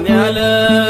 الرحمن عليه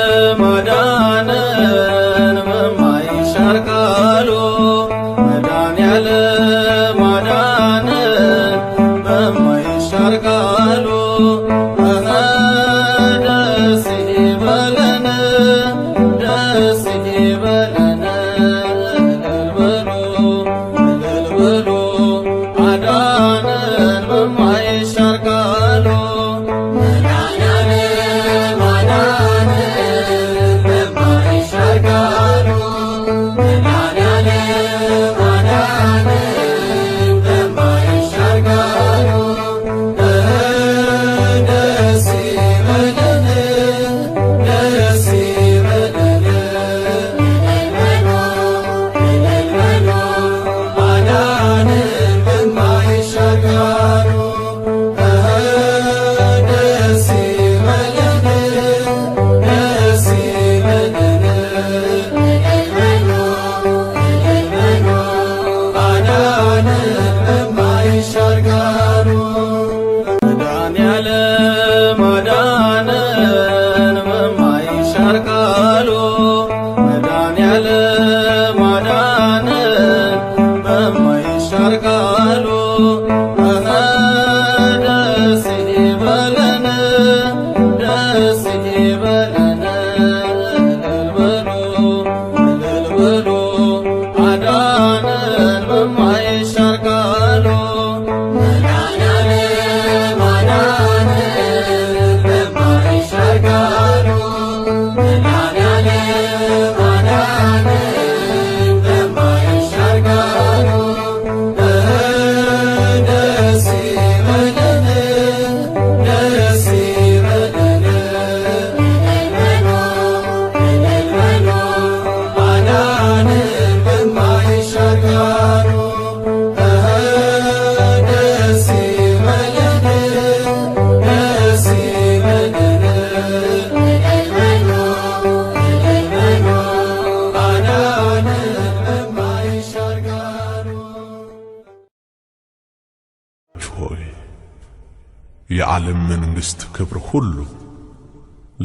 የዓለም መንግሥት ክብር ሁሉ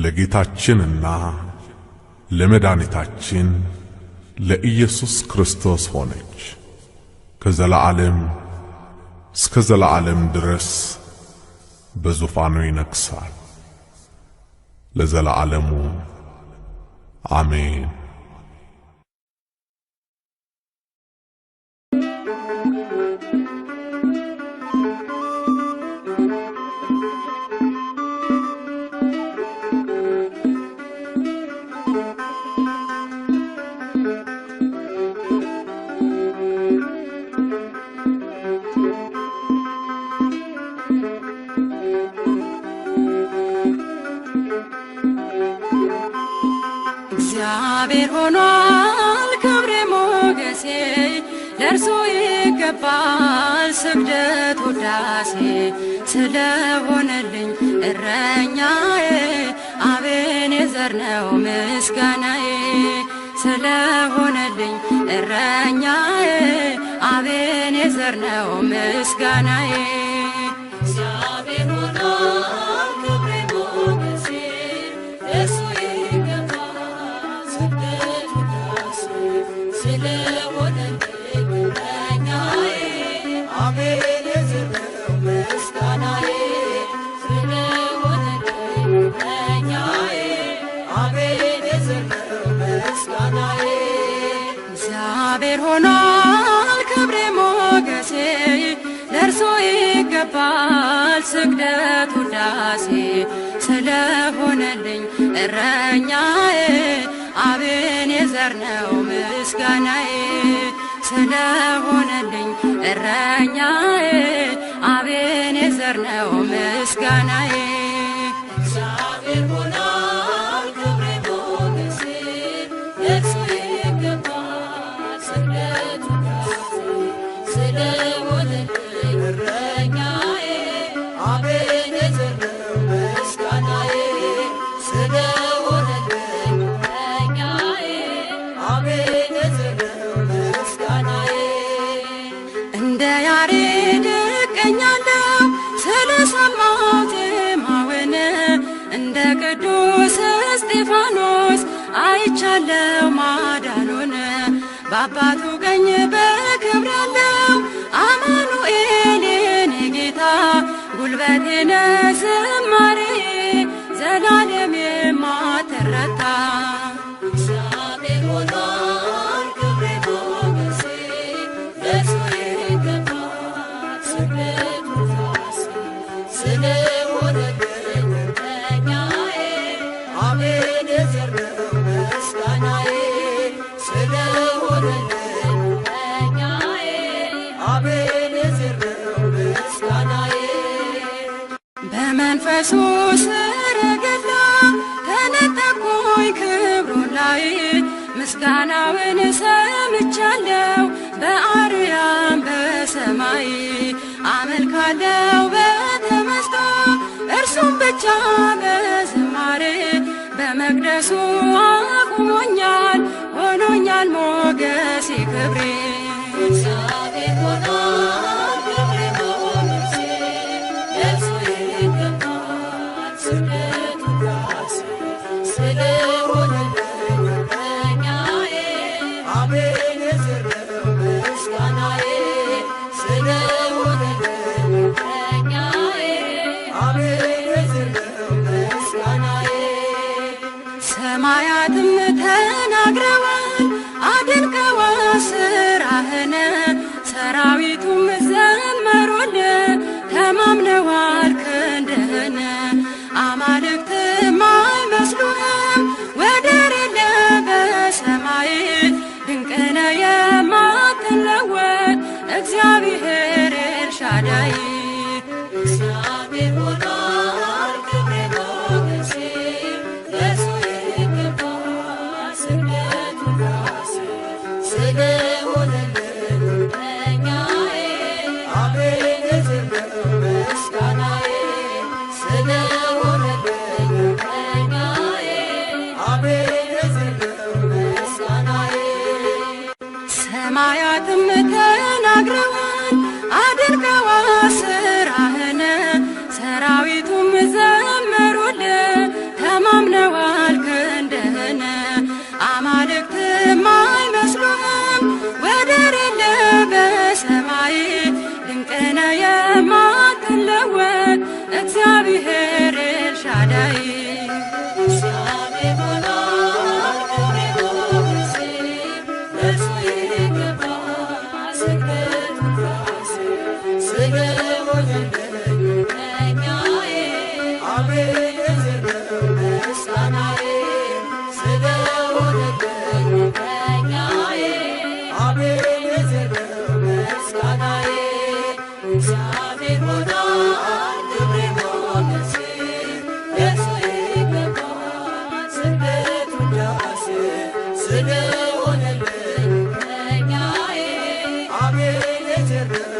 ለጌታችንና ለመድኃኒታችን ለኢየሱስ ክርስቶስ ሆነች ከዘላዓለም እስከ ዘላዓለም ድረስ በዙፋኑ ይነግሣል ለዘላለሙ አሜን። እግዚአብሔር ሆኗል ክብሬ ሞገሴ፣ ለእርሱ ይገባል ስግደት ውዳሴ። ስለሆነልኝ እረኛዬ አቤኔዘር ነው ምስጋናዬ። ስለሆነልኝ እረኛዬ አቤኔዘር ነው ምስጋናዬ። ምስጢር ሆኗል ክብሬ ሞገሴ ለእርሶ ይገባል ስግደት ውዳሴ ስለሆነልኝ እረኛዬ አቤን የዘር ነው ምስጋናዬ ስለሆነልኝ እረኛዬ አብን የዘር ነው ምስጋናዬ እግዚአብሔር ሆነ Baba, tu gagnes በኢየሱስ ረገዳ ተነጠኩኝ ክብሩ ላይ ምስጋናውን ሰምቻለሁ በአርያም በሰማይ አመልካለሁ በተመስጦ እርሱም ብቻ በዝማሬ በመቅደሱ አቁሞኛል ሆኖኛል ሞገሴ ክብሬ программа tierra.